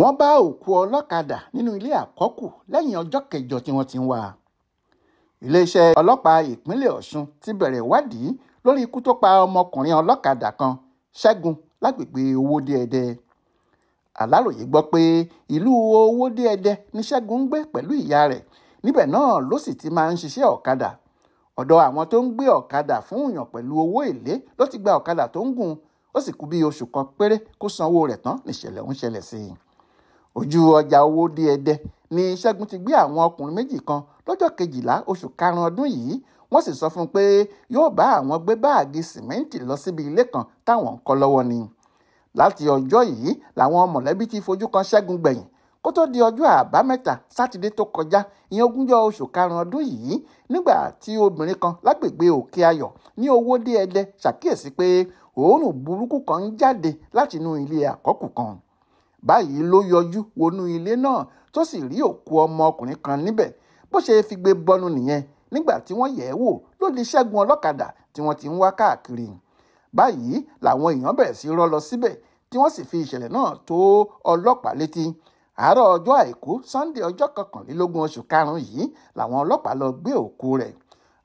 wọ́n bá òkú ọlọ́kadà nínú ilé àkọ́kù lẹ́yìn ọjọ́ kẹjọ tí wọ́n ti ń wá a. iléeṣẹ́ ọlọ́pàá ìpínlẹ̀ ọ̀ṣun ti bẹ̀rẹ̀ ìwádìí lórí ikú tó pa ọmọkùnrin ọlọ́kadà kan ṣẹ́gun lágbègbè owódéẹdẹ. aláròye gbọ́ pé ìlú owódéẹdẹ ni ṣẹ́gun ń gbé pẹ̀lú ìyá rẹ̀ níbẹ̀ náà ló sì ti máa ń ṣiṣẹ́ ọ̀kadà. ọ̀dọ̀ àwọn tó ń gbé ọ̀kadà fún èèyàn pẹ̀lú owó èlé ló ti gba ọ̀kadà tó ń gùn ó sì kú bí oṣù kan péré kó sanwó rẹ̀ tán níṣẹ̀lẹ̀ ń ṣẹlẹ̀ sí i ojú ọjà owó dé ẹdẹ ni ṣẹ́gun ti gbé àwọn ọkùnrin méjì kan lọ́jọ́ kejìlá oṣù karùn-ún ọdún yìí wọ́n sì sọ fún un pé yóò bá àwọn gbé báàgì sìmẹ́ǹtì lọ síbi ilé kan táwọn ń kọ́ lọ́wọ́ ni láti ọjọ́ yìí làwọn mọ̀lẹ́bí ti fojú kan ṣẹ́gun gbẹ̀yìn kó tó di ọjọ́ àbámẹ́ta sátidé tó kọjá ìyẹn ogúnjọ́ oṣù karùn-ún ọdún yìí nígbà tí obìnrin kan lágbègbè òkè ayọ̀ ní owó dé ẹdẹ ṣàkíyèsí pé òórùn burúkú kan ń jáde látinú ilé àkọ́kù kan báyìí ló yọjú wọnú ilé náà tó sì rí òkú ọmọ ọkùnrin kan níbẹ̀ bó ṣe figbe bọnu nìyẹn nígbà tí wọ́n yẹ̀ ẹ́ wò ló di ṣẹ́gun ọlọ́kadà tí wọ́n ti ń wá káàkiri báyìí làwọn èèyàn bẹ̀rẹ̀ sí rọ́ lọ síbẹ̀ tí wọ́n sì fi ìṣẹ̀lẹ̀ náà tó ọlọ́pàá létí àárọ̀ ọjọ́ àìkú sannde ọjọ́ kọkànlélógún oṣù karùn-ún yìí làwọn ọlọ́pàá lọ gbé òkú rẹ̀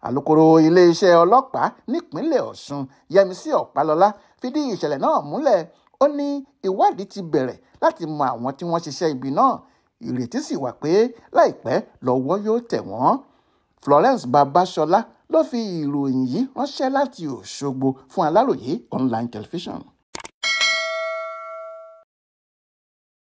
alūkkóró iléeṣẹ́ ọlọ́pàá nípínlẹ̀ Ọ̀ṣun Yẹmisí Ọ̀pálọ́lá fìdí ìṣẹ̀lẹ̀ náà múlẹ̀ ó ní ìwádìí ti bẹ̀rẹ̀ láti mọ àwọn tí wọ́n ṣiṣẹ́ ibi náà ìrètí sì wà pé láìpẹ́ lọ́wọ́ yóò tẹ̀ wọ́n Florence Babasola ló fi ìròyìn yìí ránṣẹ́ láti Òṣogbo fún Aláròyé online television.